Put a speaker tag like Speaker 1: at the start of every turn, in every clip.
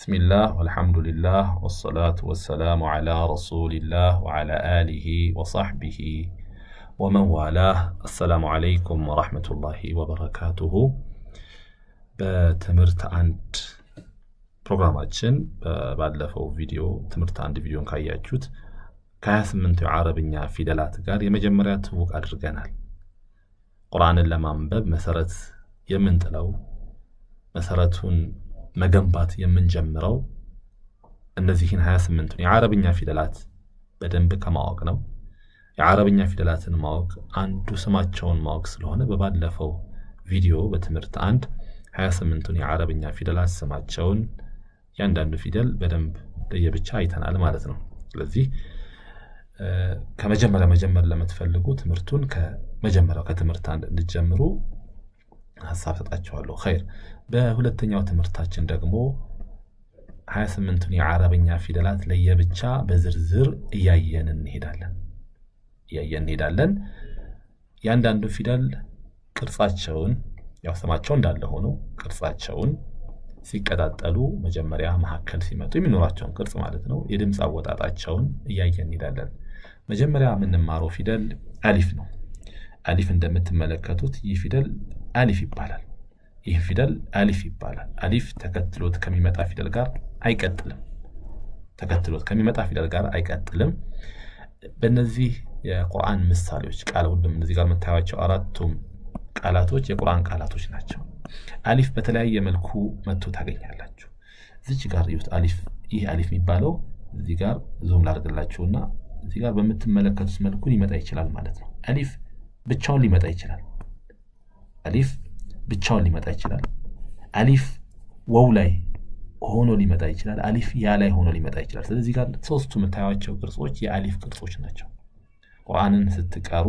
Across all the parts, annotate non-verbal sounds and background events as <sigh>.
Speaker 1: بسم الله والحمد لله والصلاة والسلام على رسول الله وعلى آله وصحبه ومن والاه السلام عليكم ورحمة الله وبركاته بتمرت عند ፕሮግራማችን ባለፈው ቪዲዮ ትምህርት አንድ ቪዲዮን ካያችሁት ከ28 የአረብኛ ፊደላት ጋር የመጀመሪያ ትውቅ አድርገናል ቁርአንን ለማንበብ يمن تلو መሰረቱን መገንባት የምንጀምረው እነዚህን 28 የአረብኛ ፊደላት በደንብ ከማወቅ ነው። የአረብኛ ፊደላትን ማወቅ አንዱ ስማቸውን ማወቅ ስለሆነ በባለፈው ቪዲዮ በትምህርት አንድ 28ቱን የአረብኛ ፊደላት ስማቸውን እያንዳንዱ ፊደል በደንብ ለየብቻ አይተናል ማለት ነው። ስለዚህ ከመጀመሪያ መጀመር ለምትፈልጉ ትምህርቱን ከመጀመሪያው ከትምህርት አንድ እንድጀምሩ ሀሳብ ሰጣችኋለሁ። ኸይር በሁለተኛው ትምህርታችን ደግሞ ሀያ ስምንቱን የአረብኛ ፊደላት ለየብቻ በዝርዝር እያየን እንሄዳለን እያየን እንሄዳለን። የአንዳንዱ ፊደል ቅርጻቸውን ያው ስማቸው እንዳለ ሆኖ ቅርጻቸውን ሲቀጣጠሉ መጀመሪያ መካከል ሲመጡ የሚኖራቸውን ቅርጽ ማለት ነው። የድምፅ አወጣጣቸውን እያየን እንሄዳለን። መጀመሪያ የምንማረው ፊደል አሊፍ ነው። አሊፍ እንደምትመለከቱት ይህ ፊደል አሊፍ ይባላል። ይህ ፊደል አሊፍ ይባላል። አሊፍ ተከትሎት ከሚመጣ ፊደል ጋር አይቀጥልም። ተከትሎት ከሚመጣ ፊደል ጋር አይቀጥልም። በእነዚህ የቁርአን ምሳሌዎች ቃል ሁሉም እነዚህ ጋር የምታያቸው አራቱም ቃላቶች የቁርአን ቃላቶች ናቸው። አሊፍ በተለያየ መልኩ መጥቶ ታገኛላችሁ። እዚች ጋር እዩት። አሊፍ ይህ አሊፍ የሚባለው እዚህ ጋር ዞም ላድርግላችሁና እዚህ ጋር በምትመለከቱት መልኩ ሊመጣ ይችላል ማለት ነው። አሊፍ ብቻውን ሊመጣ ይችላል። አሊፍ ብቻውን ሊመጣ ይችላል። አሊፍ ወው ላይ ሆኖ ሊመጣ ይችላል። አሊፍ ያ ላይ ሆኖ ሊመጣ ይችላል። ስለዚህ ጋር ሶስቱ የምታዩቸው ቅርጾች የአሊፍ ቅርጾች ናቸው። ቁርአንን ስትቀሩ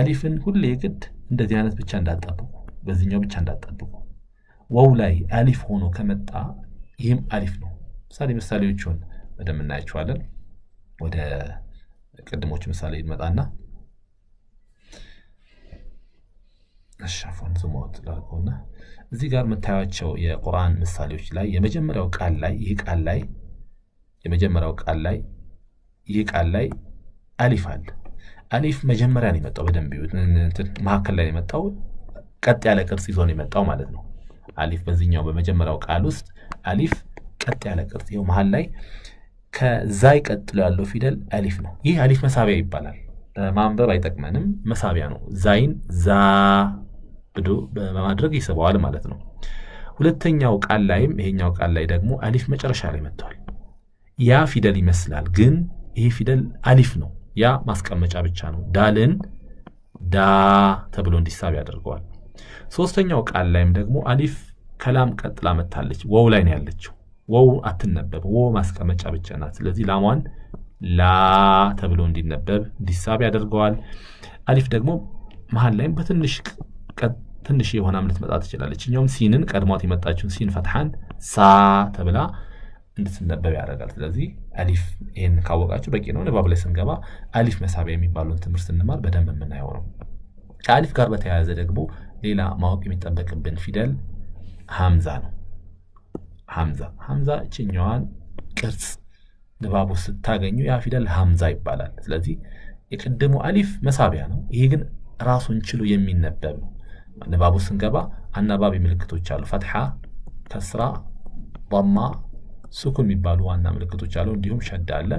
Speaker 1: አሊፍን ሁሌ ግድ እንደዚህ አይነት ብቻ እንዳጠብቁ፣ በዚህኛው ብቻ እንዳጠብቁ። ወው ላይ አሊፍ ሆኖ ከመጣ ይህም አሊፍ ነው። ምሳሌ ምሳሌዎቹን በደምብ እናያቸዋለን። ወደ ቅድሞች ምሳሌ ይመጣና መሸፈን ዝሞት ትላርገውና እዚህ ጋር የምታዩቸው የቁርአን ምሳሌዎች ላይ የመጀመሪያው ቃል ላይ ይህ ቃል ላይ የመጀመሪያው ቃል ላይ ይህ ቃል ላይ አሊፍ አለ። አሊፍ መጀመሪያ ነው የመጣው። በደንብ መካከል ላይ የመጣው ቀጥ ያለ ቅርጽ ይዞ ነው የመጣው ማለት ነው። አሊፍ በዚህኛው በመጀመሪያው ቃል ውስጥ አሊፍ ቀጥ ያለ ቅርጽ ይኸው መሀል ላይ ከዛይ ቀጥሎ ያለው ፊደል አሊፍ ነው። ይህ አሊፍ መሳቢያ ይባላል። ለማንበብ አይጠቅመንም፣ መሳቢያ ነው። ዛይን ዛ በማድረግ ይስበዋል ማለት ነው። ሁለተኛው ቃል ላይም ይሄኛው ቃል ላይ ደግሞ አሊፍ መጨረሻ ላይ መጥቷል። ያ ፊደል ይመስላል፣ ግን ይሄ ፊደል አሊፍ ነው። ያ ማስቀመጫ ብቻ ነው። ዳልን ዳ ተብሎ እንዲሳብ ያደርገዋል። ሶስተኛው ቃል ላይም ደግሞ አሊፍ ከላም ቀጥላ መታለች። ወው ላይ ነው ያለችው። ወው አትነበብ፣ ወው ማስቀመጫ ብቻ ናት። ስለዚህ ላሟን ላ ተብሎ እንዲነበብ እንዲሳብ ያደርገዋል። አሊፍ ደግሞ መሀል ላይም በትንሽ ትንሽ የሆነ ምልት መጣ ትችላለች። እኛውም ሲንን ቀድሟት የመጣችውን ሲን ፈትሐን ሳ ተብላ እንድትነበብ ያደርጋል። ስለዚህ አሊፍ ይህን ካወቃችሁ በቂ ነው። ንባብ ላይ ስንገባ አሊፍ መሳቢያ የሚባለውን ትምህርት ስንማር በደንብ የምናየው ነው። ከአሊፍ ጋር በተያያዘ ደግሞ ሌላ ማወቅ የሚጠበቅብን ፊደል ሀምዛ ነው። ሀምዛ ሀምዛ እችኛዋን ቅርጽ ንባቡ ስታገኙ ያ ፊደል ሀምዛ ይባላል። ስለዚህ የቅድሙ አሊፍ መሳቢያ ነው። ይሄ ግን ራሱን ችሎ የሚነበብ ነው። ንባቡ ስንገባ አናባቢ ምልክቶች አሉ። ፈትሓ፣ ከስራ፣ ማ፣ ስኩን የሚባሉ ዋና ምልክቶች አሉ። እንዲሁም ሸዳ አለ።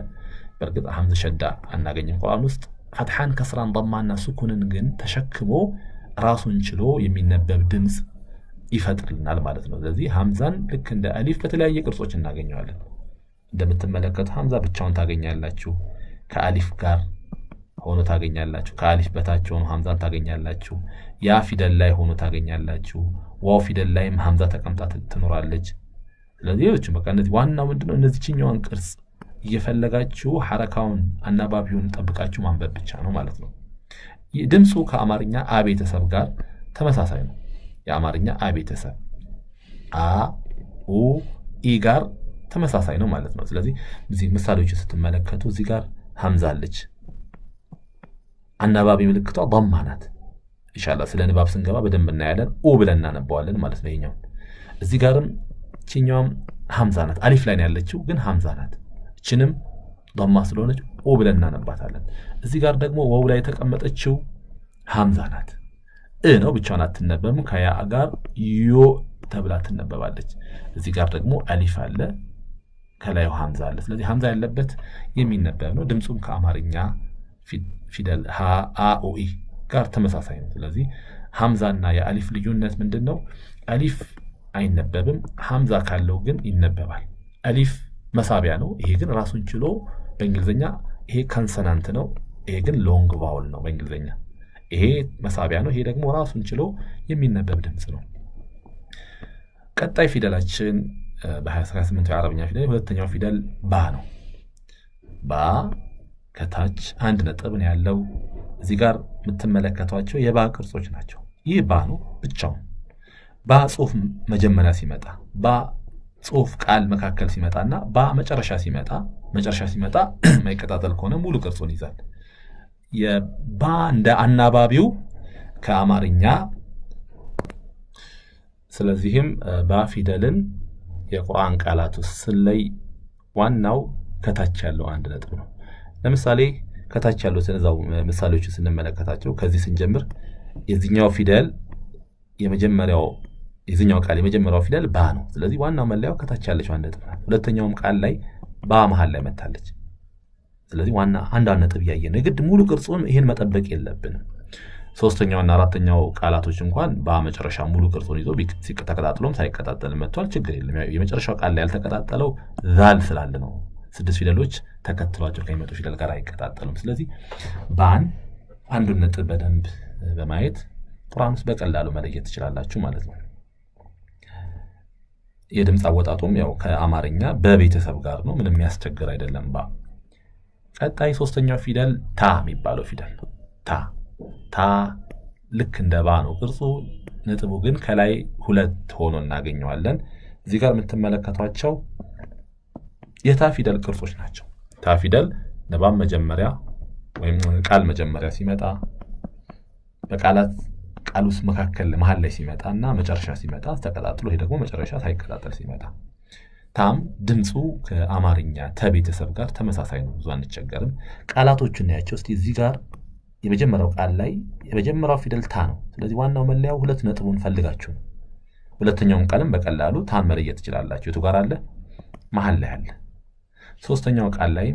Speaker 1: በእርግጥ ሐምዝ ሸዳ አናገኝም ቁርአን ውስጥ። ፈትሓን፣ ከስራን፣ ማ ስኩንን ግን ተሸክሞ ራሱን ችሎ የሚነበብ ድምፅ ይፈጥርልናል ማለት ነው። ስለዚህ ሐምዛን ልክ እንደ አሊፍ በተለያየ ቅርጾች እናገኘዋለን። እንደምትመለከቱ ሐምዛ ብቻውን ታገኛላችሁ ከአሊፍ ጋር ሆኖ ታገኛላችሁ። ከአሊፍ በታች ሆኖ ሀምዛን ታገኛላችሁ። ያ ፊደል ላይ ሆኖ ታገኛላችሁ። ዋው ፊደል ላይም ሀምዛ ተቀምጣ ትኖራለች። ስለዚህ ሌሎች በቃ እነዚህ ዋናው ምንድነው እነዚችኛዋን ቅርጽ እየፈለጋችሁ ሐረካውን አናባቢውን ጠብቃችሁ ማንበብ ብቻ ነው ማለት ነው። ድምፁ ከአማርኛ አ ቤተሰብ ጋር ተመሳሳይ ነው። የአማርኛ አ ቤተሰብ አ ኡ ኢ ጋር ተመሳሳይ ነው ማለት ነው። ስለዚህ ምሳሌዎች ስትመለከቱ እዚህ ጋር ሀምዛለች አናባቢ ምልክቷ ዷማ ናት። ኢንሻላህ ስለ ንባብ ስንገባ በደንብ እናያለን። ኡ ብለን እናነባዋለን ማለት ነው። ይኛው እዚህ ጋርም ችኛውም ሀምዛ ናት። አሊፍ ላይ ያለችው ግን ሀምዛ ናት። እችንም ማ ስለሆነች ኡ ብለን እናነባታለን። እዚህ ጋር ደግሞ ወው ላይ የተቀመጠችው ሀምዛ ናት። እ ነው ብቻዋን አትነበብም። ከያ ጋር ዮ ተብላ ትነበባለች። እዚህ ጋር ደግሞ አሊፍ አለ፣ ከላዩ ሀምዛ አለ። ስለዚህ ሀምዛ ያለበት የሚነበብ ነው። ድምፁም ከአማርኛ ፊት ፊደል ሃአኦኢ ጋር ተመሳሳይ ነው። ስለዚህ ሀምዛ የአሊፍ ልዩነት ምንድን ነው? አሊፍ አይነበብም። ሀምዛ ካለው ግን ይነበባል። አሊፍ መሳቢያ ነው። ይሄ ግን ራሱን ችሎ በእንግሊዝኛ ይሄ ከንሰናንት ነው። ይሄ ግን ሎንግ ቫውል ነው በእንግሊዝኛ። ይሄ መሳቢያ ነው። ይሄ ደግሞ ራሱን ችሎ የሚነበብ ድምፅ ነው። ቀጣይ ፊደላችን በ28 የአረብኛ ፊደል ሁለተኛው ፊደል ባ ነው። ባ ከታች አንድ ነጥብ ነው ያለው። እዚህ ጋር የምትመለከቷቸው የባ ቅርጾች ናቸው። ይህ ባ ነው ብቻውን። ባ ጽሁፍ መጀመሪያ ሲመጣ፣ ባ ጽሁፍ ቃል መካከል ሲመጣ እና ባ መጨረሻ ሲመጣ መጨረሻ ሲመጣ <clears throat> ማይቀጣጠል ከሆነ ሙሉ ቅርጹን ይዛል። የባ እንደ አናባቢው ከአማርኛ ስለዚህም ባ ፊደልን የቁርአን ቃላት ውስጥ ስለይ ዋናው ከታች ያለው አንድ ነጥብ ነው። ለምሳሌ ከታች ያሉትን እዛው ምሳሌዎችን ስንመለከታቸው ከዚህ ስንጀምር የዚኛው ፊደል የመጀመሪያው የዚኛው ቃል የመጀመሪያው ፊደል ባ ነው። ስለዚህ ዋናው መለያው ከታች ያለችው አንድ ነጥብ ናት። ሁለተኛውም ቃል ላይ ባ መሀል ላይ መታለች። ስለዚህ ዋና አንድ ነጥብ እያየ ነው። የግድ ሙሉ ቅርጹን ይህን መጠበቅ የለብንም። ሶስተኛውና አራተኛው ቃላቶች እንኳን በመጨረሻ ሙሉ ቅርጹን ይዞ ተቀጣጥሎም ሳይቀጣጠል መጥቷል። ችግር የለም። የመጨረሻው ቃል ላይ ያልተቀጣጠለው ዛል ስላለ ነው። ስድስት ፊደሎች ተከትሏቸው ከሚመጡ ፊደል ጋር አይቀጣጠሉም። ስለዚህ በአን አንዱን ነጥብ በደንብ በማየት ቁርአን ውስጥ በቀላሉ መለየት ትችላላችሁ ማለት ነው። የድምፅ አወጣጡም ያው ከአማርኛ በቤተሰብ ጋር ነው። ምንም የሚያስቸግር አይደለም። ባ ቀጣይ ሶስተኛው ፊደል ታ የሚባለው ፊደል ነው። ታ ታ ልክ እንደ ባ ነው ቅርጹ። ነጥቡ ግን ከላይ ሁለት ሆኖ እናገኘዋለን። እዚህ ጋር የምትመለከቷቸው የታፊደል ቅርጾች ናቸው። ታፊደል ፊደል መጀመሪያ ወይም ቃል መጀመሪያ ሲመጣ በቃላት ቃል ውስጥ መካከል መሀል ላይ ሲመጣ እና መጨረሻ ሲመጣ ተቀጣጥሎ፣ ይሄ ደግሞ መጨረሻ ሳይቀጣጠል ሲመጣ ታም ድምፁ ከአማርኛ ተቤተሰብ ጋር ተመሳሳይ ነው። ብዙ አንቸገርም። ቃላቶቹ እናያቸው እስቲ። እዚህ ጋር የመጀመሪያው ቃል ላይ የመጀመሪያው ፊደል ታ ነው። ስለዚህ ዋናው መለያው ሁለት ነጥቡን ፈልጋችሁ ነው። ሁለተኛውን ቃልም በቀላሉ ታን መለየት ትችላላችሁ። የቱ ጋር አለ? መሀል ላይ አለ። ሶስተኛው ቃል ላይ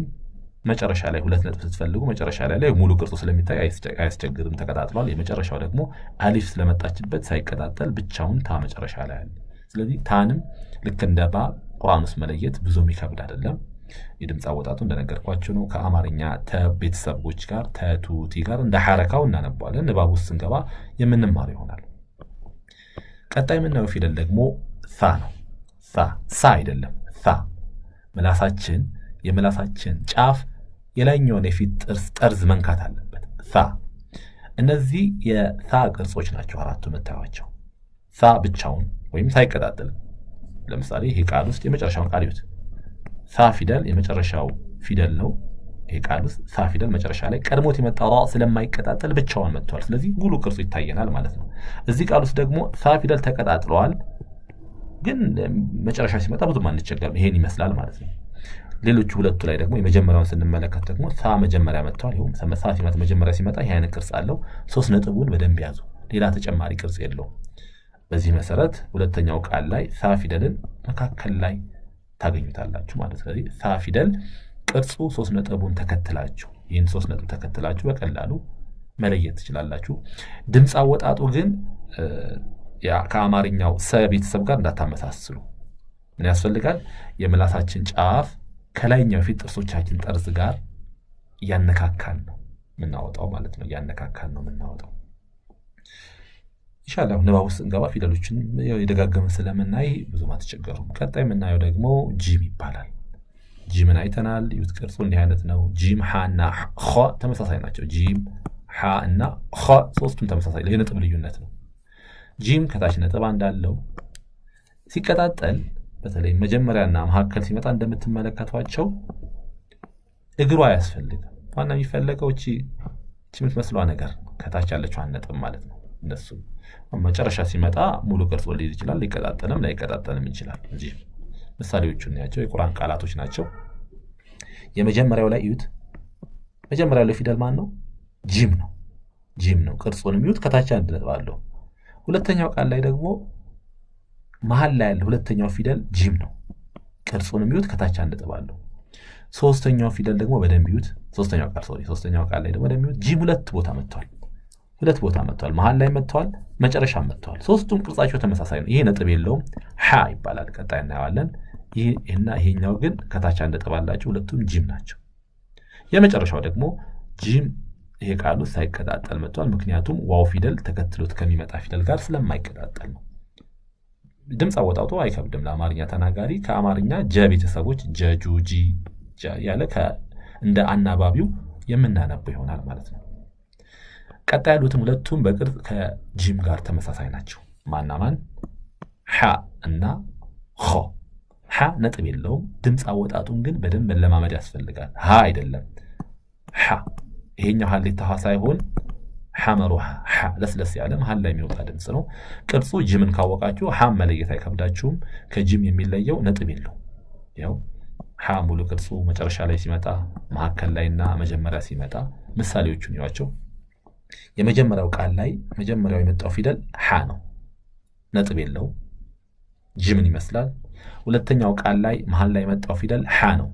Speaker 1: መጨረሻ ላይ ሁለት ነጥብ ስትፈልጉ መጨረሻ ላይ ላይ ሙሉ ቅርጹ ስለሚታይ አያስቸግርም፣ ተቀጣጥሏል። የመጨረሻው ደግሞ አሊፍ ስለመጣችበት ሳይቀጣጠል ብቻውን ታ መጨረሻ ላይ አለ። ስለዚህ ታንም ልክ እንደ ባ ቁርአን ውስጥ መለየት ብዙ የሚከብድ አይደለም። የድምፅ አወጣቱ እንደነገርኳቸው ነው። ከአማርኛ ተቤተሰቦች ጋር ተቱቲ ጋር እንደ ሐረካው እናነባለን። ንባብ ውስጥ ስንገባ የምንማር ይሆናል። ቀጣይ የምናየው ፊደል ደግሞ ሳ ነው። ሳ አይደለም ሳ ምላሳችን የምላሳችን ጫፍ የላይኛውን የፊት ጥርስ ጠርዝ መንካት አለበት። ሳ እነዚህ የሳ ቅርጾች ናቸው። አራቱ የምታዩቸው ሳ ብቻውን ወይም ሳይቀጣጠል። ለምሳሌ ይሄ ቃል ውስጥ የመጨረሻውን ቃል ይዩት። ሳ ፊደል የመጨረሻው ፊደል ነው። ይሄ ቃል ውስጥ ሳ ፊደል መጨረሻ ላይ ቀድሞት የመጣ ራ ስለማይቀጣጠል ብቻውን መጥቷል። ስለዚህ ሙሉ ቅርጹ ይታየናል ማለት ነው። እዚህ ቃል ውስጥ ደግሞ ሳ ፊደል ተቀጣጥለዋል፣ ግን መጨረሻ ሲመጣ ብዙም አንቸገርም። ይሄን ይመስላል ማለት ነው። ሌሎቹ ሁለቱ ላይ ደግሞ የመጀመሪያውን ስንመለከት ደግሞ ሳ መጀመሪያ መጥተዋል። ይሁም ሳ ሲመጣ መጀመሪያ ሲመጣ ይህ አይነት ቅርጽ አለው። ሶስት ነጥቡን በደንብ ያዙ። ሌላ ተጨማሪ ቅርጽ የለውም። በዚህ መሰረት ሁለተኛው ቃል ላይ ሳ ፊደልን መካከል ላይ ታገኙታላችሁ ማለት። ስለዚህ ሳ ፊደል ቅርጹ ሶስት ነጥቡን ተከትላችሁ ይህን ሶስት ነጥብ ተከትላችሁ በቀላሉ መለየት ትችላላችሁ። ድምፅ አወጣጡ ግን ከአማርኛው ሰ ቤተሰብ ጋር እንዳታመሳስሉ ምን ያስፈልጋል? የምላሳችን ጫፍ ከላይኛው የፊት ጥርሶቻችን ጠርዝ ጋር እያነካካን ነው የምናወጣው ማለት ነው። እያነካካን ነው የምናወጣው። ይሻላሁ ንባብ ውስጥ እንገባ። ፊደሎችን የደጋገመ ስለምናይ ብዙም አትቸገሩም። ቀጣይ የምናየው ደግሞ ጂም ይባላል። ጂምን አይተናል። ዩት ቅርጹ እንዲህ አይነት ነው። ጂም ሀ እና ኸ ተመሳሳይ ናቸው። ጂም ሀ እና ኸ ሶስቱም ተመሳሳይ የነጥብ ልዩነት ነው። ጂም ከታች ነጥብ አንዳለው ሲቀጣጠል በተለይ መጀመሪያና መካከል ሲመጣ እንደምትመለከቷቸው እግሩ አያስፈልግም። ዋና የሚፈለገው እቺ የምትመስሏ ነገር ከታች ያለችው ነጥብ ማለት ነው። እነሱ መጨረሻ ሲመጣ ሙሉ ቅርጾ ሊይዝ ይችላል። ሊቀጣጠልም ላይቀጣጠልም ይችላል። እዚህ ምሳሌዎቹ እናያቸው። የቁርአን ቃላቶች ናቸው። የመጀመሪያው ላይ እዩት። መጀመሪያው ላይ ፊደል ማን ነው? ጂም ነው። ጂም ነው። ቅርጹንም እዩት። ከታች አንድ ነጥብ አለው። ሁለተኛው ቃል ላይ ደግሞ መሀል ላይ ያለ ሁለተኛው ፊደል ጂም ነው። ቅርጹን የሚዩት ከታች አንድ ጥብ አለው። ሶስተኛው ፊደል ደግሞ በደንብ ይዩት። ሶስተኛው ቃል ሶሪ ሶስተኛው ቃል ላይ ደግሞ በደንብ ይዩት። ጂም ሁለት ቦታ መጥቷል። ሁለት ቦታ መጥቷል። መሀል ላይ መጥቷል፣ መጨረሻ መጥቷል። ሶስቱም ቅርጻቸው ተመሳሳይ ነው። ይሄ ነጥብ የለውም። ሀ ይባላል። ቀጣይ እናየዋለን። ይህና ይሄኛው ግን ከታች አንድ ጥብ አላቸው። ሁለቱም ጂም ናቸው። የመጨረሻው ደግሞ ጂም ይሄ ቃሉ ሳይቀጣጠል መጥቷል። ምክንያቱም ዋው ፊደል ተከትሎት ከሚመጣ ፊደል ጋር ስለማይቀጣጠል ነው። ድምፅ አወጣጡ አይከብድም ለአማርኛ ተናጋሪ። ከአማርኛ ጀ ቤተሰቦች ጀ፣ ያለ እንደ አናባቢው የምናነበው ይሆናል ማለት ነው። ቀጣ ያሉትም ሁለቱም በቅርጽ ከጂም ጋር ተመሳሳይ ናቸው። ማና ማን ሐ እና ሆ። ሐ ነጥብ የለውም። ድምፅ አወጣጡን ግን በደንብ መለማመድ ያስፈልጋል። ሀ አይደለም ሐ። ይሄኛው ሀሌታ ሀ ሳይሆን ሐመሩ ለስለስ ያለ መሀል ላይ የሚወጣ ድምፅ ነው። ቅርጹ ጅምን ካወቃችሁ ሐም መለየት አይከብዳችሁም። ከጅም የሚለየው ነጥብ የለው። ያው ሐ ሙሉ ቅርጹ መጨረሻ ላይ ሲመጣ መካከል ላይና መጀመሪያ ሲመጣ ምሳሌዎቹን ይዋቸው። የመጀመሪያው ቃል ላይ መጀመሪያው የመጣው ፊደል ሐ ነው። ነጥብ የለው። ጅምን ይመስላል። ሁለተኛው ቃል ላይ መሀል ላይ የመጣው ፊደል ሐ ነው።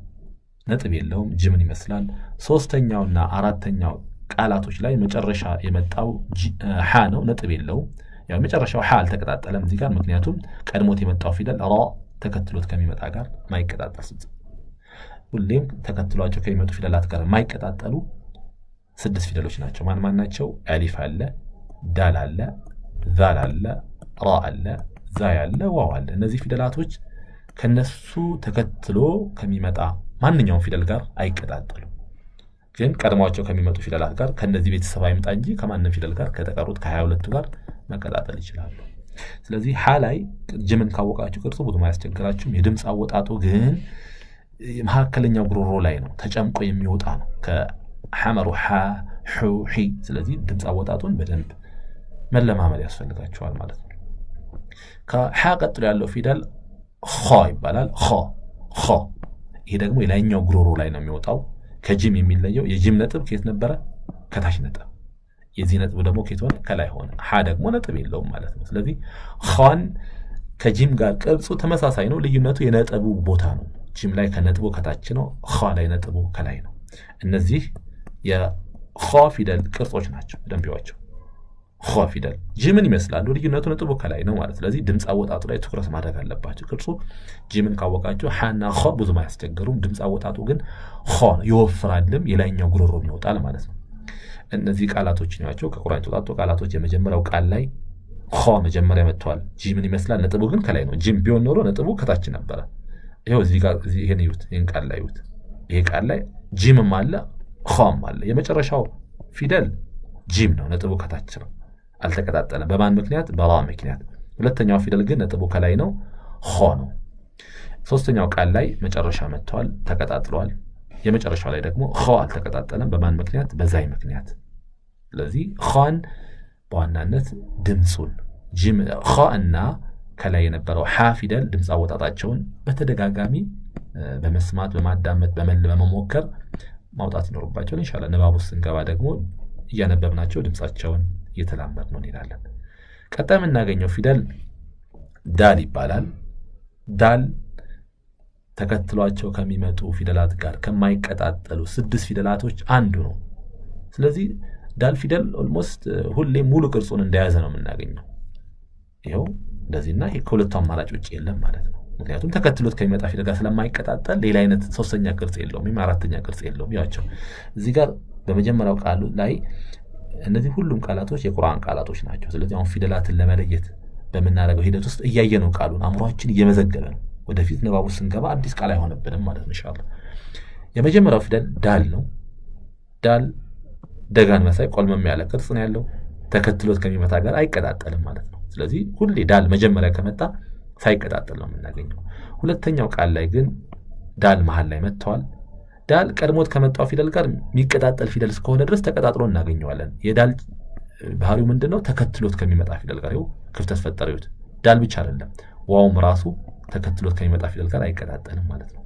Speaker 1: ነጥብ የለውም። ጅምን ይመስላል። ሶስተኛውና አራተኛው ቃላቶች ላይ መጨረሻ የመጣው ሓ ነው፣ ነጥብ የለው። ያው መጨረሻው ሓ አልተቀጣጠለም እዚህ ጋር፣ ምክንያቱም ቀድሞት የመጣው ፊደል ራ ተከትሎት ከሚመጣ ጋር ማይቀጣጠል ሁሌም ተከትሏቸው ከሚመጡ ፊደላት ጋር ማይቀጣጠሉ ስድስት ፊደሎች ናቸው። ማን ማን ናቸው? አሊፍ አለ፣ ዳል አለ፣ ዛል አለ፣ ራ አለ፣ ዛ ያለ፣ ዋው አለ። እነዚህ ፊደላቶች ከነሱ ተከትሎ ከሚመጣ ማንኛውም ፊደል ጋር አይቀጣጠሉም። ግን ቀድሟቸው ከሚመጡ ፊደላት ጋር ከነዚህ ቤተሰብ አይምጣ እንጂ ከማንም ፊደል ጋር ከተቀሩት ከ 2 ቱ ጋር መቀጣጠል ይችላሉ። ስለዚህ ሀ ላይ ጅምን ካወቃችሁ ቅርጹ ብዙም አያስቸግራችሁም። የድምፅ አወጣጡ ግን መካከለኛው ጉሮሮ ላይ ነው፣ ተጨምቆ የሚወጣ ነው። ከሐመሩ ሐ፣ ሑ፣ ሒ። ስለዚህ ድምፅ አወጣጡን በደንብ መለማመድ ያስፈልጋችኋል ማለት ነው። ከሐ ቀጥሎ ያለው ፊደል ኸ ይባላል። ኸ ኸ። ይሄ ደግሞ የላይኛው ጉሮሮ ላይ ነው የሚወጣው ከጅም የሚለየው የጅም ነጥብ ከየት ነበረ? ከታች ነጥብ። የዚህ ነጥብ ደግሞ ከየት ሆነ? ከላይ ሆነ። ሀ ደግሞ ነጥብ የለውም ማለት ነው። ስለዚህ ኻን ከጂም ጋር ቅርጹ ተመሳሳይ ነው። ልዩነቱ የነጥቡ ቦታ ነው። ጂም ላይ ከነጥቡ ከታች ነው። ኻ ላይ ነጥቡ ከላይ ነው። እነዚህ የኻ ፊደል ቅርጾች ናቸው። ደንቢዋቸው ሆ ፊደል ጂምን ይመስላሉ። ልዩነቱ ነጥቡ ከላይ ነው ማለት ስለዚህ ድምፅ አወጣጡ ላይ ትኩረት ማድረግ አለባቸው። ቅርጹ ጂምን ካወቃቸው ሀና ሆ ብዙም አያስቸግሩም። ድምፅ አወጣጡ ግን ሆ ይወፍራልም፣ የላይኛው ጉሮሮም ይወጣል ማለት ነው። እነዚህ ቃላቶች ናቸው ከቁርአን የተውጣጡ ቃላቶች። የመጀመሪያው ቃል ላይ ሆ መጀመሪያ መጥተዋል። ጂምን ይመስላል። ነጥቡ ግን ከላይ ነው። ጂም ቢሆን ኖሮ ነጥቡ ከታች ነበረ። ይኸው እዚህ ጋር ይህን ይዩት፣ ይህን ቃል ላይ ይዩት። ይሄ ቃል ላይ ጂምም አለ ሆም አለ። የመጨረሻው ፊደል ጂም ነው። ነጥቡ ከታች ነው። አልተቀጣጠለም። በማን ምክንያት? በራ ምክንያት። ሁለተኛው ፊደል ግን ነጥቡ ከላይ ነው፣ ሆ ነው። ሶስተኛው ቃል ላይ መጨረሻ መጥተዋል፣ ተቀጣጥሏል። የመጨረሻው ላይ ደግሞ ኸ አልተቀጣጠለም። በማን ምክንያት? በዛይ ምክንያት። ስለዚህ ኸን በዋናነት ድምፁን ኸ እና ከላይ የነበረው ሐ ፊደል ድምፅ አወጣጣቸውን በተደጋጋሚ በመስማት በማዳመጥ በመል በመሞከር ማውጣት ይኖርባቸዋል። ኢንሻላህ ንባቡ ስንገባ ደግሞ እያነበብናቸው ድምፃቸውን እየተላመድ ነው እንሄዳለን። ቀጣይ የምናገኘው ፊደል ዳል ይባላል። ዳል ተከትሏቸው ከሚመጡ ፊደላት ጋር ከማይቀጣጠሉ ስድስት ፊደላቶች አንዱ ነው። ስለዚህ ዳል ፊደል ኦልሞስት ሁሌ ሙሉ ቅርጹን እንደያዘ ነው የምናገኘው። ይኸው እንደዚህና ከሁለቱ አማራጭ ውጭ የለም ማለት ነው። ምክንያቱም ተከትሎት ከሚመጣ ፊደል ጋር ስለማይቀጣጠል ሌላ አይነት ሶስተኛ ቅርጽ የለውም ወይም አራተኛ ቅርጽ የለውም። ያቸው እዚህ ጋር በመጀመሪያው ቃሉ ላይ እነዚህ ሁሉም ቃላቶች የቁርአን ቃላቶች ናቸው። ስለዚህ አሁን ፊደላትን ለመለየት በምናደርገው ሂደት ውስጥ እያየ ነው ቃሉን አእምሯችን እየመዘገበ ነው። ወደፊት ንባቡ ስንገባ አዲስ ቃል አይሆንብንም ማለት ነው ኢንሻላህ። የመጀመሪያው ፊደል ዳል ነው። ዳል ደጋን መሳይ ቆልመም ያለ ቅርጽ ነው ያለው። ተከትሎት ከሚመታ ጋር አይቀጣጠልም ማለት ነው። ስለዚህ ሁሌ ዳል መጀመሪያ ከመጣ ሳይቀጣጠል ነው የምናገኘው። ሁለተኛው ቃል ላይ ግን ዳል መሀል ላይ መጥተዋል። ዳል ቀድሞት ከመጣው ፊደል ጋር የሚቀጣጠል ፊደል እስከሆነ ድረስ ተቀጣጥሎ እናገኘዋለን። የዳል ባህሪው ምንድን ነው? ተከትሎት ከሚመጣ ፊደል ጋር ይኸው ክፍተት ፈጠሪዎት። ዳል ብቻ አይደለም፣ ዋውም ራሱ ተከትሎት ከሚመጣ ፊደል ጋር አይቀጣጠልም ማለት ነው።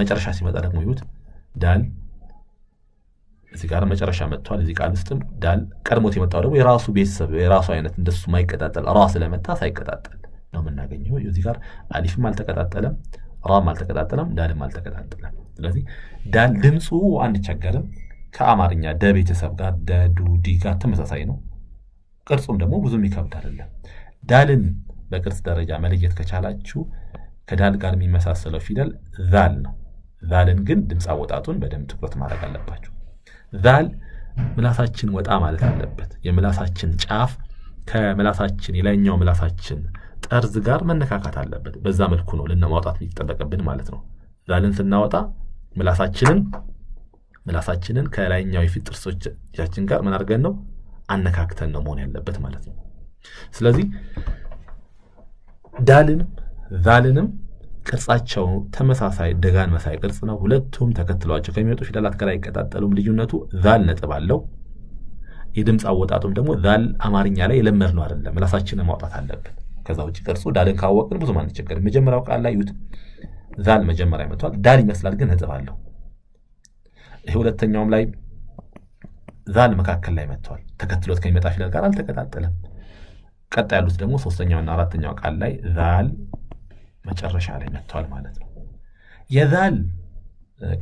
Speaker 1: መጨረሻ ሲመጣ ደግሞ ይሁት ዳል እዚህ ጋር መጨረሻ መጥቷል። እዚህ ቃል ውስጥም ዳል ቀድሞት የመጣው ደግሞ የራሱ ቤተሰብ የራሱ አይነት እንደሱ ማይቀጣጠል ራ ስለመጣ ሳይቀጣጠል ነው የምናገኘው። እዚህ ጋር አሊፍም አልተቀጣጠለም፣ ራም አልተቀጣጠለም፣ ዳልም አልተቀጣጠለም። ስለዚህ ድምፁ አንቸገርም። ከአማርኛ ደ ቤተሰብ ጋር ደዱ ዲ ጋር ተመሳሳይ ነው። ቅርጹም ደግሞ ብዙም ይከብድ አይደለም። ዳልን በቅርጽ ደረጃ መለየት ከቻላችሁ ከዳል ጋር የሚመሳሰለው ፊደል ዛል ነው። ዛልን ግን ድምፅ አወጣጡን በደንብ ትኩረት ማድረግ አለባችሁ። ዛል ምላሳችን ወጣ ማለት አለበት። የምላሳችን ጫፍ ከምላሳችን የላይኛው ምላሳችን ጠርዝ ጋር መነካካት አለበት። በዛ መልኩ ነው ልናማውጣት ማውጣት የሚጠበቅብን ማለት ነው። ዛልን ስናወጣ ምላሳችንን ምላሳችንን ከላይኛው የፊት ጥርሶቻችን ጋር ምን አድርገን ነው አነካክተን ነው መሆን ያለበት ማለት ነው። ስለዚህ ዳልንም ዛልንም ቅርጻቸው ተመሳሳይ ደጋን መሳይ ቅርጽ ነው። ሁለቱም ተከትሏቸው ከሚወጡ ፊደላት ጋር አይቀጣጠሉም። ልዩነቱ ዛል ነጥብ አለው። የድምፅ አወጣጡም ደግሞ ዛል አማርኛ ላይ ነው አይደለም፣ ምላሳችንን ማውጣት አለብን። ከዛ ውጭ ቅርጹ ዳልን ካወቅን ብዙም አንቸገርም። መጀመሪያው ቃል ላይ ዩት ዛል መጀመሪያ መጥቷል። ዳል ይመስላል ግን ነጥብ አለው። ይሄ ሁለተኛውም ላይ ዛል መካከል ላይ መጥቷል። ተከትሎት ከሚመጣ ፊደል ጋር አልተቀጣጠለም። ቀጣ ያሉት ደግሞ ሶስተኛውና አራተኛው ቃል ላይ ዛል መጨረሻ ላይ መጥቷል ማለት ነው። የዛል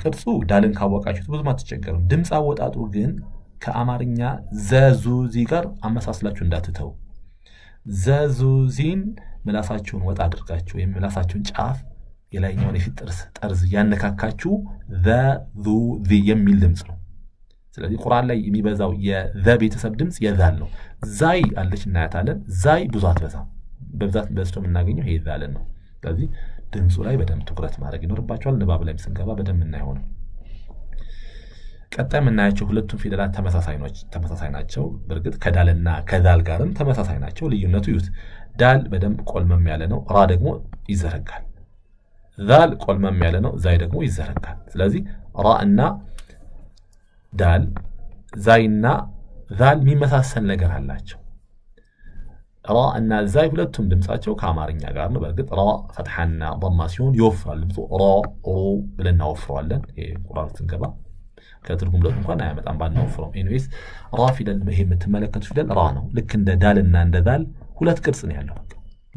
Speaker 1: ቅርጹ ዳልን ካወቃችሁት ብዙም አትቸገርም። ድምፅ አወጣጡ ግን ከአማርኛ ዘዙዚ ጋር አመሳስላችሁ እንዳትተው። ዘዙዚን ምላሳችሁን ወጣ አድርጋችሁ ወይም ምላሳችሁን ጫፍ የላይኛውን የፊት ጥርስ ጠርዝ ያነካካችሁ ዙ የሚል ድምፅ ነው። ስለዚህ ቁርአን ላይ የሚበዛው የዘ ቤተሰብ ድምፅ የዛል ነው። ዛይ አለች እናያታለን። ዛይ ብዙ አትበዛም። በብዛት በስቶ የምናገኘው ይሄ ዛልን ነው። ስለዚህ ድምፁ ላይ በደንብ ትኩረት ማድረግ ይኖርባቸዋል። ንባብ ላይም ስንገባ በደንብ እናይሆንም። ቀጣይ የምናያቸው ሁለቱም ፊደላት ተመሳሳይ ናቸው። በእርግጥ ከዳልና ከዛል ጋርም ተመሳሳይ ናቸው። ልዩነቱ ይዩት። ዳል በደንብ ቆልመም ያለ ነው። ራ ደግሞ ይዘረጋል። ዛል ቆልመም ያለ ነው። ዛይ ደግሞ ይዘረጋል። ስለዚህ ራ እና ዳል ዛይና ዛል የሚመሳሰል ነገር አላቸው። ራ እና ዛይ ሁለቱም ድምፃቸው ከአማርኛ ጋር ነው። በእርግጥ ራ ፈትሐና በማ ሲሆን ይወፍራል ድምፁ። ራ ሩ ብለን እናወፍረዋለን። ቁርአን ስንገባ ከትርጉም ለውጥ እንኳን አያመጣም ባናወፍረው። ኤኒዌይስ ራ ፊደል ይሄ የምትመለከቱት ፊደል ራ ነው። ልክ እንደ ዳልና እንደ ዛል ሁለት ቅርጽ ነው ያለው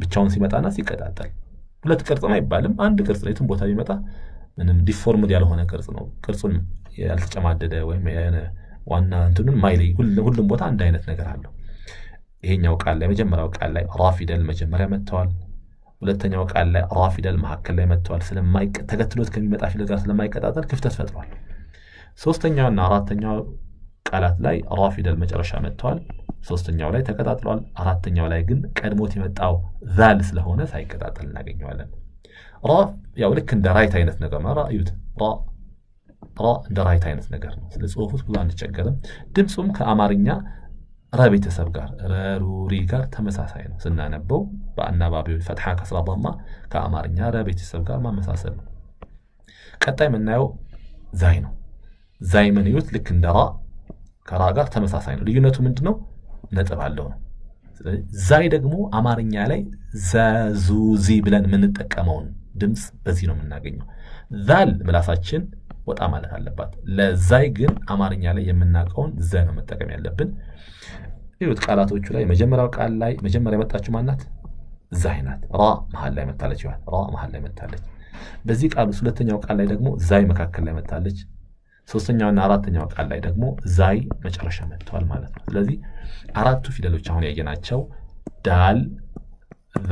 Speaker 1: ብቻውን ሲመጣና ሲቀጣጠል ሁለት ቅርጽ ነው አይባልም። አንድ ቅርጽ ነው። የትም ቦታ ቢመጣ ምንም ዲፎርምድ ያልሆነ ቅርጽ ነው። ቅርጹን ያልተጨማደደ ወይም ዋና እንትኑን ማይለይ ሁሉም ቦታ አንድ አይነት ነገር አለው። ይሄኛው ቃል ላይ መጀመሪያው ቃል ላይ ራ ፊደል መጀመሪያ መጥተዋል። ሁለተኛው ቃል ላይ ራፊደል መካከል ላይ መጥተዋል። ተከትሎት ከሚመጣ ፊደል ጋር ስለማይቀጣጠል ክፍተት ፈጥሯል። ሶስተኛውና አራተኛው ቃላት ላይ ራፊደል መጨረሻ መጥተዋል። ሶስተኛው ላይ ተቀጣጥሏል። አራተኛው ላይ ግን ቀድሞት የመጣው ዛል ስለሆነ ሳይቀጣጠል እናገኘዋለን። ራ ያው ልክ እንደ ራይት አይነት ነገር ነው። ራእዩት ራ እንደ ራይት አይነት ነገር ነው። ስለ ጽሁፍ ውስጥ ብዙ አንቸገርም። ድምፁም ከአማርኛ ረቤተሰብ ጋር ረሩሪ ጋር ተመሳሳይ ነው። ስናነበው በአናባቢው ፈትሓ ከስራ በማ ከአማርኛ ረቤተሰብ ጋር ማመሳሰል ነው። ቀጣይ የምናየው ዛይ ነው። ዛይ ምን ዩት ልክ እንደ ራ ከራ ጋር ተመሳሳይ ነው። ልዩነቱ ምንድን ነው? ነጥብ አለው ነው። ዛይ ደግሞ አማርኛ ላይ ዘዙዚ ብለን የምንጠቀመውን ድምፅ በዚህ ነው የምናገኘው። ዛል ምላሳችን ወጣ ማለት አለባት። ለዛይ ግን አማርኛ ላይ የምናውቀውን ዘ ነው መጠቀም ያለብን። ይሁት ቃላቶቹ ላይ መጀመሪያው ቃል ላይ መጀመሪያ የመጣችው ማናት? ዛይ ናት። ራ መሀል ላይ መታለች። ይል ራ መሀል ላይ መታለች። በዚህ ቃል ሁለተኛው ቃል ላይ ደግሞ ዛይ መካከል ላይ መታለች። ሶስተኛውና አራተኛው ቃል ላይ ደግሞ ዛይ መጨረሻ መጥተዋል ማለት ነው። ስለዚህ አራቱ ፊደሎች አሁን ያየናቸው ዳል፣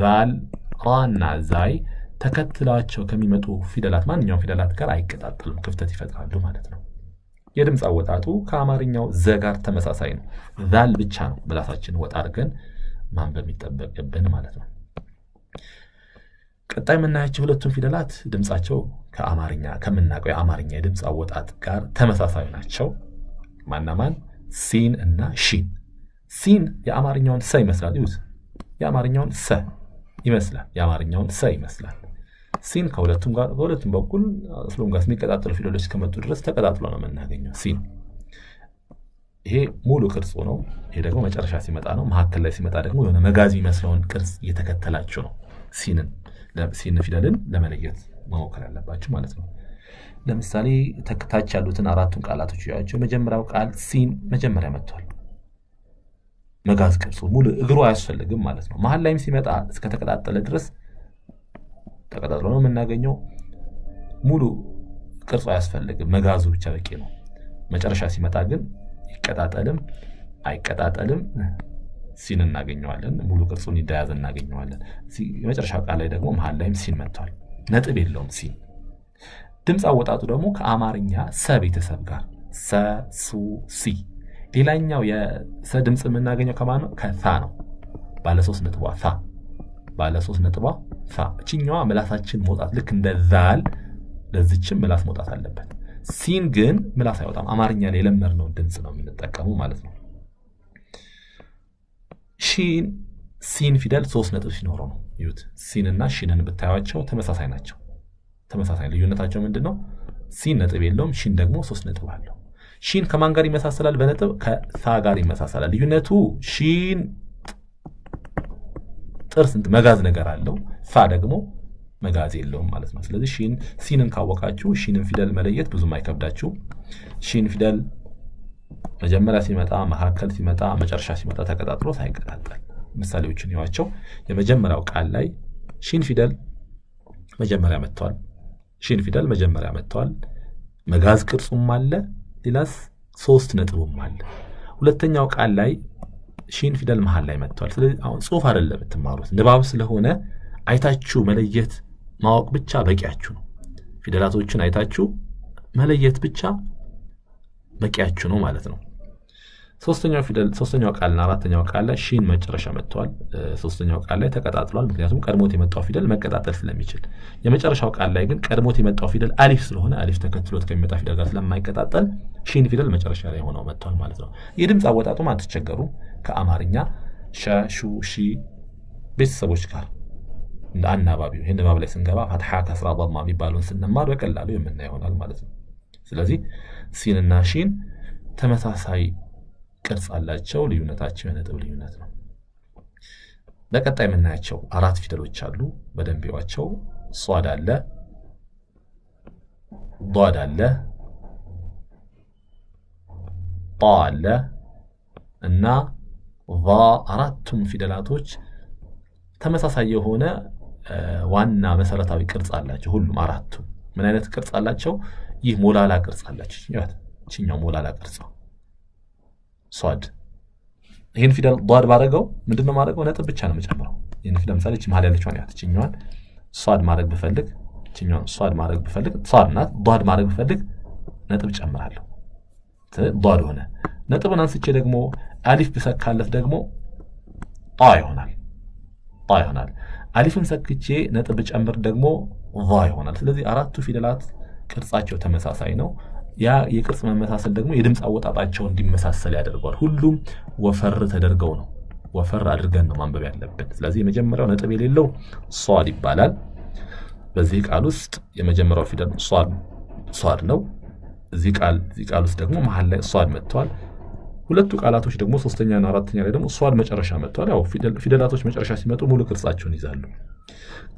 Speaker 1: ዛል፣ ራ እና ዛይ ተከትላቸው ከሚመጡ ፊደላት ማንኛውም ፊደላት ጋር አይቀጣጠሉም፣ ክፍተት ይፈጥራሉ ማለት ነው። የድምፅ አወጣጡ ከአማርኛው ዘ ጋር ተመሳሳይ ነው። ዛል ብቻ ነው በራሳችን ወጣ አድርገን ማንበብ የሚጠበቅብን ማለት ነው። ቀጣይ የምናያቸው ሁለቱም ፊደላት ድምፃቸው ከአማርኛ ከምናውቀው የአማርኛ የድምፅ አወጣጥ ጋር ተመሳሳይ ናቸው። ማናማን ሲን እና ሺን። ሲን የአማርኛውን ሰ ይመስላል። ይሁት የአማርኛውን ሰ ይመስላል። የአማርኛውን ሰ ይመስላል። ሲን ከሁለቱም ጋር በሁለቱም በኩል ስሎም ጋር የሚቀጣጠሉ ፊደሎች እስከመጡ ድረስ ተቀጣጥሎ ነው የምናገኘው። ሲን ይሄ ሙሉ ቅርጹ ነው። ይሄ ደግሞ መጨረሻ ሲመጣ ነው። መካከል ላይ ሲመጣ ደግሞ የሆነ መጋዝ የሚመስለውን ቅርጽ እየተከተላችሁ ነው ሲንን ሴን ፊደልን ለመለየት መሞከር ያለባቸው ማለት ነው። ለምሳሌ ተከታች ያሉትን አራቱን ቃላቶች ያቸው። መጀመሪያው ቃል ሲን መጀመሪያ መጥቷል። መጋዝ ቅርጹ ሙሉ እግሩ አያስፈልግም ማለት ነው። መሀል ላይም ሲመጣ እስከተቀጣጠለ ድረስ ተቀጣጥሎ ነው የምናገኘው። ሙሉ ቅርጹ አያስፈልግም፣ መጋዙ ብቻ በቂ ነው። መጨረሻ ሲመጣ ግን ይቀጣጠልም አይቀጣጠልም ሲን እናገኘዋለን። ሙሉ ቅርጹን እንደያዘ እናገኘዋለን። የመጨረሻ ቃል ላይ ደግሞ መሀል ላይም ሲን መጥቷል። ነጥብ የለውም ሲን። ድምፅ አወጣጡ ደግሞ ከአማርኛ ሰ ቤተሰብ ጋር ሰ፣ ሱ፣ ሲ። ሌላኛው የሰ ድምፅ የምናገኘው ከማን ነው? ከታ ነው። ባለሶስት ነጥቧ ታ፣ ባለሶስት ነጥቧ ታ። እችኛዋ ምላሳችን መውጣት ልክ እንደ ዛል፣ ለዚችም ምላስ መውጣት አለበት። ሲን ግን ምላስ አይወጣም። አማርኛ ላይ የለመድነውን ድምፅ ነው የምንጠቀሙ ማለት ነው። ሺን ሲን ፊደል ሶስት ነጥብ ሲኖረው ነው። ሲን ሲንና ሺንን ብታያቸው ተመሳሳይ ናቸው። ተመሳሳይ ልዩነታቸው ምንድን ነው? ሲን ነጥብ የለውም። ሺን ደግሞ ሶስት ነጥብ አለው። ሺን ከማን ጋር ይመሳሰላል? በነጥብ ከሳ ጋር ይመሳሰላል። ልዩነቱ ሺን ጥርስ መጋዝ ነገር አለው። ሳ ደግሞ መጋዝ የለውም ማለት ነው። ስለዚህ ሺን ሲንን ካወቃችሁ ሺንን ፊደል መለየት ብዙም አይከብዳችሁ። ሺን ፊደል መጀመሪያ ሲመጣ፣ መካከል ሲመጣ፣ መጨረሻ ሲመጣ ተቀጣጥሎ ሳይቀጣጠል ምሳሌዎችን ይዋቸው። የመጀመሪያው ቃል ላይ ሺን ፊደል መጀመሪያ መጥተዋል። ሺን ፊደል መጀመሪያ መጥተዋል። መጋዝ ቅርጹም አለ፣ ሌላስ ሶስት ነጥቡም አለ። ሁለተኛው ቃል ላይ ሺን ፊደል መሀል ላይ መጥተዋል። ስለዚህ አሁን ጽሁፍ አይደለም የምትማሩት ንባብ ስለሆነ አይታችሁ መለየት ማወቅ ብቻ በቂያችሁ ነው። ፊደላቶችን አይታችሁ መለየት ብቻ በቂያችሁ ነው ማለት ነው። ሶስተኛው ፊደል ሶስተኛው ቃልና አራተኛው ቃል ላይ ሺን መጨረሻ መጥተዋል። ሶስተኛው ቃል ላይ ተቀጣጥሏል፣ ምክንያቱም ቀድሞት የመጣው ፊደል መቀጣጠል ስለሚችል። የመጨረሻው ቃል ላይ ግን ቀድሞት የመጣው ፊደል አሊፍ ስለሆነ አሊፍ ተከትሎት ከሚመጣ ፊደል ጋር ስለማይቀጣጠል ሺን ፊደል መጨረሻ ላይ ሆነው መጥተዋል ማለት ነው። የድምፅ አወጣጡም አትቸገሩ። ከአማርኛ ሸ፣ ሺ ቤተሰቦች ጋር እንደ አናባቢው ይህን ንባብ ላይ ስንገባ ፈትሓ፣ ከስራ፣ ማ የሚባለውን ስንማር በቀላሉ የምናይ ይሆናል ማለት ነው። ስለዚህ ሲን እና ሺን ተመሳሳይ ቅርጽ አላቸው። ልዩነታቸው የነጥብ ልዩነት ነው። በቀጣይ የምናያቸው አራት ፊደሎች አሉ። በደንብ ዋቸው። ሷድ አለ፣ ዷድ አለ፣ ጣ አለ እና ቫ አራቱም ፊደላቶች ተመሳሳይ የሆነ ዋና መሰረታዊ ቅርጽ አላቸው። ሁሉም አራቱም ምን አይነት ቅርጽ አላቸው? ይህ ሞላላ ቅርጽ አላች። ይችኛው ሞላላ ቅርጽ ሷድ ይህን ፊደል ዷድ ባደረገው ምንድነው ማድረገው? ነጥብ ብቻ ነው የምጨምረው። ይህን ፊደል ምሳሌ ች መሀል ያለችዋን ያት ችኛዋን ሷድ ማድረግ ብፈልግ ችኛዋን ሷድ ማድረግ ብፈልግ ሷድ ናት። ዷድ ማድረግ ብፈልግ ነጥብ ጨምራለሁ። ዷድ ሆነ። ነጥብን አንስቼ ደግሞ አሊፍ ብሰካለት ደግሞ ጣ ይሆናል። ጣ ይሆናል። አሊፍን ሰክቼ ነጥብ ጨምር ደግሞ ቫ ይሆናል። ስለዚህ አራቱ ፊደላት ቅርጻቸው ተመሳሳይ ነው። ያ የቅርጽ መመሳሰል ደግሞ የድምፅ አወጣጣቸው እንዲመሳሰል ያደርገዋል። ሁሉም ወፈር ተደርገው ነው ወፈር አድርገን ነው ማንበብ ያለብን። ስለዚህ የመጀመሪያው ነጥብ የሌለው ሷድ ይባላል። በዚህ ቃል ውስጥ የመጀመሪያው ፊደል ሷድ ነው። እዚህ ቃል ውስጥ ደግሞ መሀል ላይ ሷድ መጥተዋል። ሁለቱ ቃላቶች ደግሞ ሶስተኛና አራተኛ ላይ ደግሞ ሷድ መጨረሻ መጥቷል። ያው ፊደላቶች መጨረሻ ሲመጡ ሙሉ ቅርጻቸውን ይዛሉ።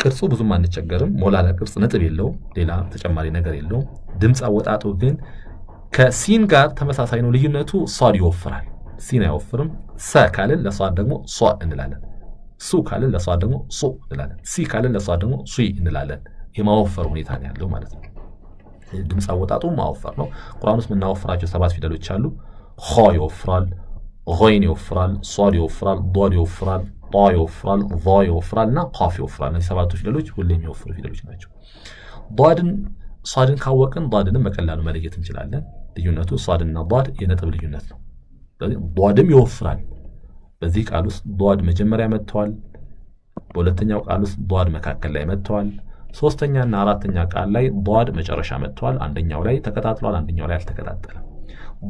Speaker 1: ቅርጹ ብዙም አንቸገርም። ሞላላ ቅርጽ ነጥብ የለው ሌላ ተጨማሪ ነገር የለውም። ድምፅ አወጣጡ ግን ከሲን ጋር ተመሳሳይ ነው። ልዩነቱ ሷድ ይወፍራል፣ ሲን አይወፍርም። ሰ ካልን ለሷድ ደግሞ ሷ እንላለን። ሱ ካልን ለሷድ ደግሞ ሱ እንላለን። ሲ ካልን ለሷድ ደግሞ ሱ እንላለን። የማወፈር ሁኔታ ነው ያለው ማለት ነው። ድምፅ አወጣጡ ማወፈር ነው። ቁርአን ውስጥ የምናወፍራቸው ሰባት ፊደሎች አሉ። ኸ ይወፍራል፣ ይን ይወፍራል፣ ሷድ ይወፍራል፣ ዷድ ይወፍራል፣ ጣ ይወፍራል፣ ዛ ይወፍራል እና ቃፍ ይወፍራል። እነዚህ ሰባቱ ፊደሎች ሁሌ የሚወፍሩ ፊደሎች ናቸው። ዷድን ሷድን ካወቅን ዷድንም በቀላሉ መለየት እንችላለን። ልዩነቱ ሷድና ዷድ የነጥብ ልዩነት ነው። ዷድም ይወፍራል። በዚህ ቃል ውስጥ ዷድ መጀመሪያ መጥተዋል። በሁለተኛው ቃል ውስጥ ዷድ መካከል ላይ መጥተዋል። ሶስተኛና አራተኛ ቃል ላይ ዷድ መጨረሻ መጥተዋል። አንደኛው ላይ ተቀጣጥሏል፣ አንደኛው ላይ አልተቀጣጠለም።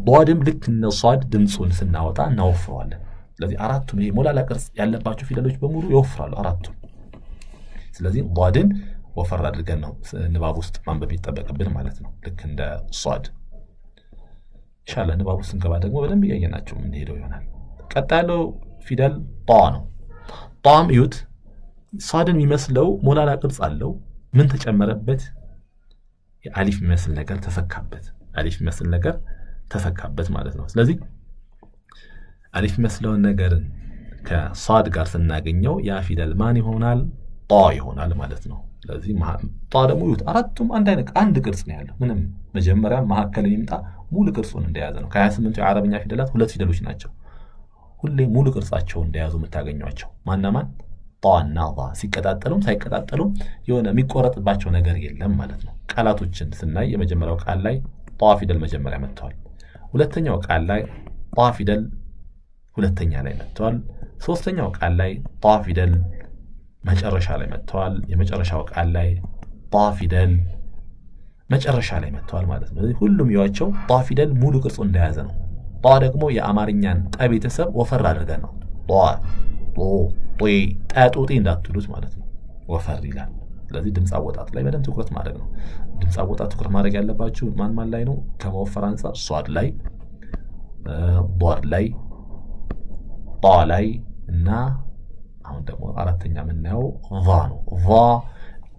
Speaker 1: ቧድም ልክ እነሷድ ሷድ ድምፁን ስናወጣ እናወፍረዋለን። ስለዚህ አራቱም ይሄ ሞላላ ቅርጽ ያለባቸው ፊደሎች በሙሉ ይወፍራሉ አራቱም። ስለዚህ ቧድን ወፈር አድርገን ነው ንባብ ውስጥ ማንበብ ይጠበቅብን ማለት ነው። ልክ እንደ ሷድ ይሻለ ንባብ ውስጥ ስንገባ ደግሞ በደንብ እያየናቸው የምንሄደው ይሆናል። ቀጣ ያለው ፊደል ጣ ነው። ጣም እዩት፣ ሷድን የሚመስለው ሞላላ ቅርጽ አለው። ምን ተጨመረበት? የአሊፍ የሚመስል ነገር ተሰካበት። አሊፍ የሚመስል ነገር ተፈካበት ማለት ነው። ስለዚህ አሊፍ የሚመስለውን ነገርን ከሳድ ጋር ስናገኘው ያ ፊደል ማን ይሆናል? ጣ ይሆናል ማለት ነው። ስለዚህ ጣ ደግሞ ይሁት አራቱም አንድ አይነት አንድ ቅርጽ ነው ያለው። ምንም መጀመሪያ መካከል የሚምጣ ሙሉ ቅርጹን እንደያዘ ነው። 28 የአረብኛ ፊደላት ሁለት ፊደሎች ናቸው ሁሌ ሙሉ ቅርጻቸው እንደያዙ የምታገኟቸው ማና ማን ጣና ጣ ሲቀጣጠሉም ሳይቀጣጠሉም የሆነ የሚቆረጥባቸው ነገር የለም ማለት ነው። ቃላቶችን ስናይ የመጀመሪያው ቃል ላይ ጣ ፊደል መጀመሪያ መጥተዋል። ሁለተኛው ቃል ላይ ጧ ፊደል ሁለተኛ ላይ መጥተዋል። ሶስተኛው ቃል ላይ ጧ ፊደል መጨረሻ ላይ መጥተዋል። የመጨረሻው ቃል ላይ ጧ ፊደል መጨረሻ ላይ መጥተዋል ማለት ነው። ሁሉም ያቸው ጧ ፊደል ሙሉ ቅርጹ እንደያዘ ነው። ጧ ደግሞ የአማርኛን ጠ ቤተሰብ ወፈር አድርገን ነው ጧ ጦ ጦ ጠጡጢ እንዳትሉት ማለት ነው። ወፈር ይላል። ስለዚህ ድምፅ አወጣት ላይ በደንብ ትኩረት ማድረግ ነው። ድምፅ አወጣት ትኩረት ማድረግ ያለባችሁ ማን ማን ላይ ነው? ከመወፈር አንጻር ሷድ ላይ፣ ቧድ ላይ፣ ጣ ላይ እና አሁን ደግሞ አራተኛ የምናየው ቫ ነው። ቫ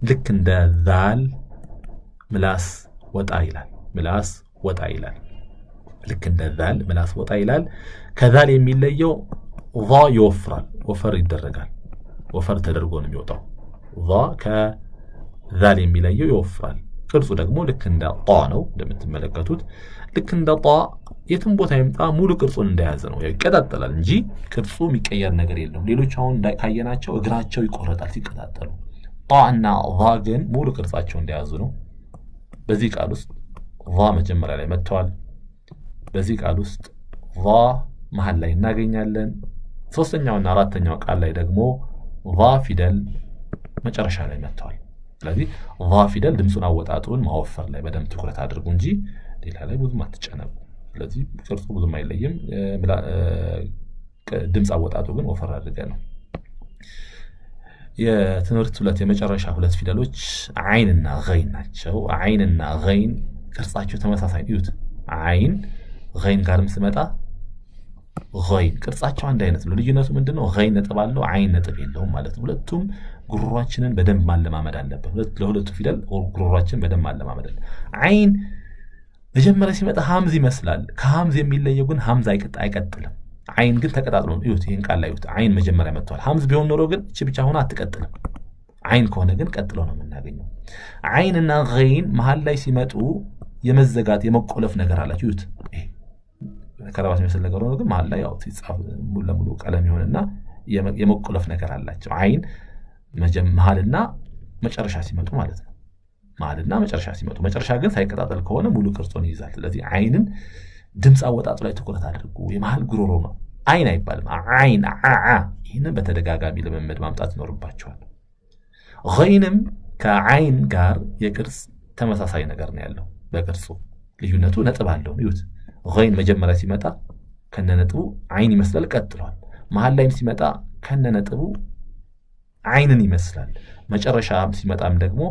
Speaker 1: ልክ እንደ ዛል ምላስ ወጣ ይላል። ምላስ ወጣ ይላል። ልክ እንደ ዛል ምላስ ወጣ ይላል። ከዛል የሚለየው ቫ ይወፍራል፣ ወፈር ይደረጋል። ወፈር ተደርጎ ነው የሚወጣው ቫ ዛል የሚለየው ይወፍራል። ቅርጹ ደግሞ ልክ እንደ ጣ ነው። እንደምትመለከቱት ልክ እንደ ጣ የትም ቦታ ይምጣ ሙሉ ቅርጹን እንደያዘ ነው። ይቀጣጠላል እንጂ ቅርጹ የሚቀየር ነገር የለውም። ሌሎች አሁን ካየናቸው እግራቸው ይቆረጣል ሲቀጣጠሉ፣ ጣ እና ዛ ግን ሙሉ ቅርጻቸው እንደያዙ ነው። በዚህ ቃል ውስጥ ዛ መጀመሪያ ላይ መጥተዋል። በዚህ ቃል ውስጥ ዛ መሀል ላይ እናገኛለን። ሶስተኛውና አራተኛው ቃል ላይ ደግሞ ዛ ፊደል መጨረሻ ላይ መጥተዋል። ስለዚህ ዋ ፊደል ድምፁን አወጣጡን ማወፈር ላይ በደንብ ትኩረት አድርጉ እንጂ ሌላ ላይ ብዙም አትጨነቁ። ስለዚህ ቅርጹ ብዙም አይለይም። ድምፅ አወጣጡ ግን ወፈር አድርገ ነው። የትምህርት ሁለት የመጨረሻ ሁለት ፊደሎች አይንና ገይን ናቸው። አይንና ገይን ቅርጻቸው ተመሳሳይ እዩት። አይን ገይን ጋርም ስመጣ ይ ቅርጻቸው አንድ አይነት ነው። ልዩነቱ ምንድነው ነው? ይ ነጥብ አለው፣ አይን ነጥብ የለውም ማለት ነው። ሁለቱም ጉሮሯችንን በደንብ ማለማመድ አለብን። ለሁለቱ ፊደል ጉሮሯችን በደንብ ማለማመድ አለ። አይን መጀመሪያ ሲመጣ ሀምዝ ይመስላል። ከሀምዝ የሚለየው ግን ሀምዝ አይቀጥልም። አይን ግን ተቀጣጥሎ ይሁት። ይህን ቃል ላይሁት። አይን መጀመሪያ መጥተዋል። ሀምዝ ቢሆን ኖሮ ግን እቺ ብቻ ሆነ አትቀጥልም። አይን ከሆነ ግን ቀጥሎ ነው የምናገኘው። አይን እና ይን መሀል ላይ ሲመጡ የመዘጋት የመቆለፍ ነገር አላቸው። ይሁት ከረባት የሚመስል ነገር ሆኖ ግን መሀል ላይ ያው ሲጻፍ ሙሉ ለሙሉ ቀለም ይሆንና የመቆለፍ ነገር አላቸው። አይን መሀልና መጨረሻ ሲመጡ ማለት ነው። መሀልና መጨረሻ ሲመጡ፣ መጨረሻ ግን ሳይቀጣጠል ከሆነ ሙሉ ቅርጾን ይይዛል። ስለዚህ አይንን ድምፅ አወጣጡ ላይ ትኩረት አድርጉ። የመሀል ጉሮሮ ነው። አይን አይባልም፣ አይን አ ይህንን በተደጋጋሚ ልምምድ ማምጣት ይኖርባቸዋል። ይንም ከአይን ጋር የቅርጽ ተመሳሳይ ነገር ነው ያለው። በቅርጹ ልዩነቱ ነጥብ አለው። ይዩት ይን መጀመሪያ ሲመጣ ከነነጥቡ አይን ይመስላል። ቀጥሏል። መሀል ላይም ሲመጣ ከነነጥቡ አይንን ይመስላል። መጨረሻም ሲመጣም ደግሞ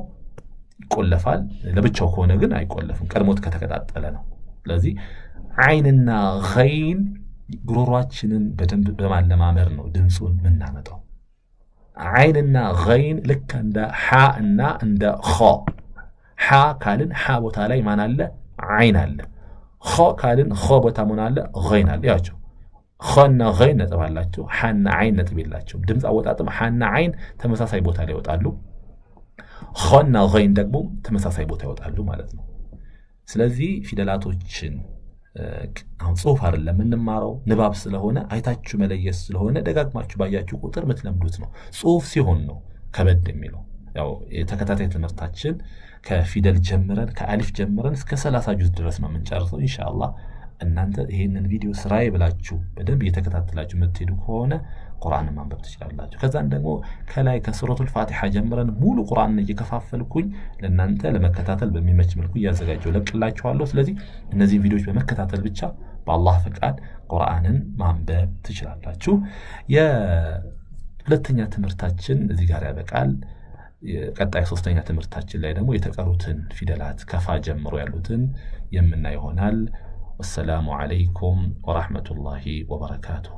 Speaker 1: ይቆለፋል። ለብቻው ከሆነ ግን አይቆለፍም፣ ቀድሞት ከተቀጣጠለ ነው። ስለዚህ አይንና ይን ጉሮሯችንን በደንብ በማለማመር ነው ድምፁን የምናመጣው። አይንና ይን ልክ እንደ ሓ እና እንደ ኸ ሓ ካልን ሓ ቦታ ላይ ማን አለ? አይን አለ። ካልን ቦታ መሆን አለ ይናል ያቸው እና ይን ነጥብ አላቸው። ሓና ዓይን ነጥብ የላቸው ድምፅ አወጣጥም ሓና ዓይን ተመሳሳይ ቦታ ላይ ይወጣሉ። እና ይን ደግሞ ተመሳሳይ ቦታ ይወጣሉ ማለት ነው። ስለዚህ ፊደላቶችን አሁን ጽሁፍ አይደለም የምንማረው፣ ንባብ ስለሆነ አይታችሁ መለየስ ስለሆነ ደጋግማችሁ ባያችሁ ቁጥር የምትለምዱት ነው። ጽሁፍ ሲሆን ነው ከበድ የሚለው። ያው የተከታታይ ትምህርታችን ከፊደል ጀምረን ከአሊፍ ጀምረን እስከ ሰላሳ ጁዝ ድረስ ነው የምንጨርሰው ኢንሻአላህ። እናንተ ይህንን ቪዲዮ ስራዬ ብላችሁ በደንብ እየተከታተላችሁ የምትሄዱ ከሆነ ቁርአን ማንበብ ትችላላችሁ። ከዛም ደግሞ ከላይ ከሱረቱል ፋቲሓ ጀምረን ሙሉ ቁርአን እየከፋፈልኩኝ ለእናንተ ለመከታተል በሚመች መልኩ እያዘጋጀው ለቅላችኋለሁ። ስለዚህ እነዚህን ቪዲዮዎች በመከታተል ብቻ በአላህ ፈቃድ ቁርአንን ማንበብ ትችላላችሁ። የሁለተኛ ትምህርታችን እዚህ ጋር ያበቃል። ቀጣይ ሶስተኛ ትምህርታችን ላይ ደግሞ የተቀሩትን ፊደላት ከፋ ጀምሮ ያሉትን የምና ይሆናል። ወሰላሙ ዓለይኩም ወራህመቱላሂ ወበረካቱሁ።